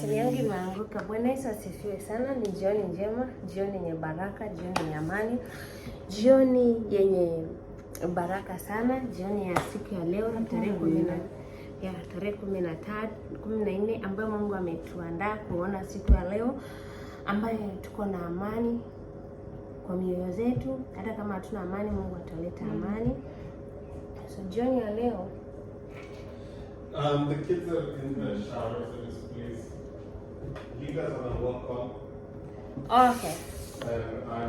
Siliangi maanguka. imeanguka. Bwana Yesu asifiwe sana. Ni jioni njema, jioni yenye baraka, jioni yenye amani, jioni yenye baraka sana, jioni ya siku ya leo tarehe kumi na ya tarehe kumi na tatu kumi na nne ambayo Mungu ametuandaa kuona siku ya leo ambayo tuko na amani kwa mioyo zetu. Hata kama hatuna amani, Mungu ataleta amani. So jioni ya leo Um, the kids are in the shower, so just please leave us on a walk on. Oh, okay.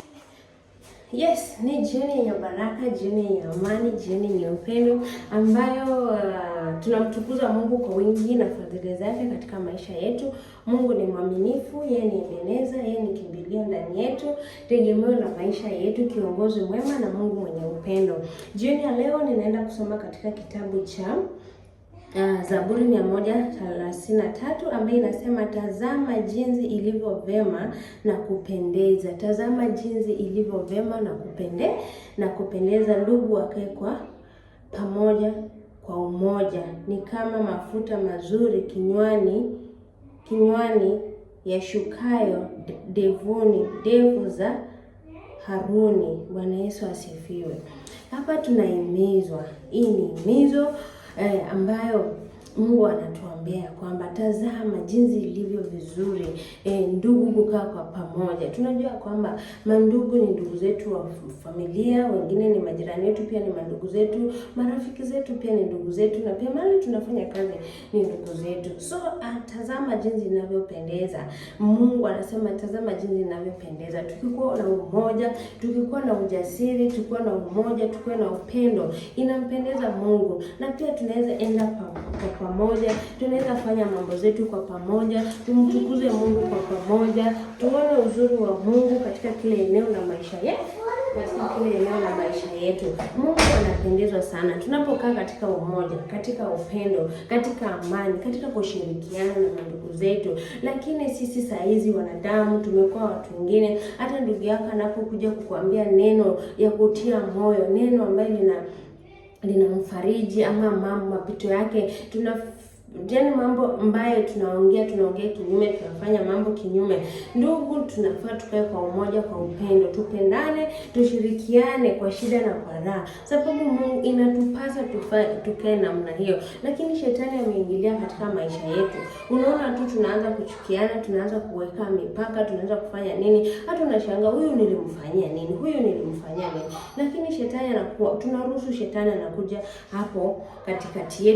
Yes, ni jioni yenye baraka, jioni yenye amani, jioni yenye upendo ambayo uh, tunamtukuza Mungu kwa wingi na fadhili zake katika maisha yetu. Mungu ni mwaminifu, yeye ni Ebeneza, yeye ni kimbilio ndani yetu, tegemeo la maisha yetu, kiongozi mwema na Mungu mwenye upendo. Jioni ya leo ninaenda kusoma katika kitabu cha uh, Zaburi mia moja thelathini na tatu ambayo inasema, tazama jinsi ilivyo vema na kupendeza, tazama jinsi ilivyo vema na kupende na kupendeza, ndugu wake kwa pamoja kwa umoja, ni kama mafuta mazuri kinywani kinywani yashukayo devuni devu za Haruni. Bwana Yesu asifiwe. Hapa tunahimizwa, hii ni himizo eh, ambayo Mungu anatuambia kwamba tazama jinsi ilivyo vizuri e, ndugu kukaa kwa pamoja. Tunajua kwamba mandugu ni ndugu zetu wa familia, wengine ni majirani wetu, pia ni mandugu zetu, marafiki zetu pia ni ndugu zetu, na pia mahali tunafanya kazi ni ndugu zetu. So ah, tazama jinsi inavyopendeza. Mungu anasema tazama jinsi inavyopendeza, tukikuwa na umoja, tukikuwa na ujasiri, tukikuwa na umoja, tukikuwa na upendo, inampendeza Mungu na pia tunaweza enda pamoja pamoja, tunaweza fanya mambo zetu kwa pamoja, tumtukuze Mungu kwa pamoja, tuone uzuri wa Mungu katika kile eneo la maisha yetu kile eneo la maisha yetu. Mungu anapendezwa sana tunapokaa katika umoja, katika upendo, katika amani, katika kushirikiana na ndugu zetu. Lakini sisi saa hizi wanadamu tumekuwa watu wengine, hata ndugu yako anapokuja kukuambia neno ya kutia moyo, neno ambalo lina linamfariji ama mama mapito yake tuna Yaani mambo ambayo tunaongea tunaongea kinyume, tunafanya mambo kinyume. Ndugu, tunafaa tukae kwa umoja, kwa upendo, tupendane, tushirikiane kwa shida na kwa raha, sababu Mungu inatupasa tukae namna hiyo, lakini shetani ameingilia katika maisha yetu. Unaona tu tunaanza kuchukiana, tunaanza kuweka mipaka, tunaanza kufanya nini, hata unashanga huyu nilimfanyia nini, huyu nilimfanyia nini, lakini shetani anakuwa, tunaruhusu shetani anakuja hapo katikati yetu.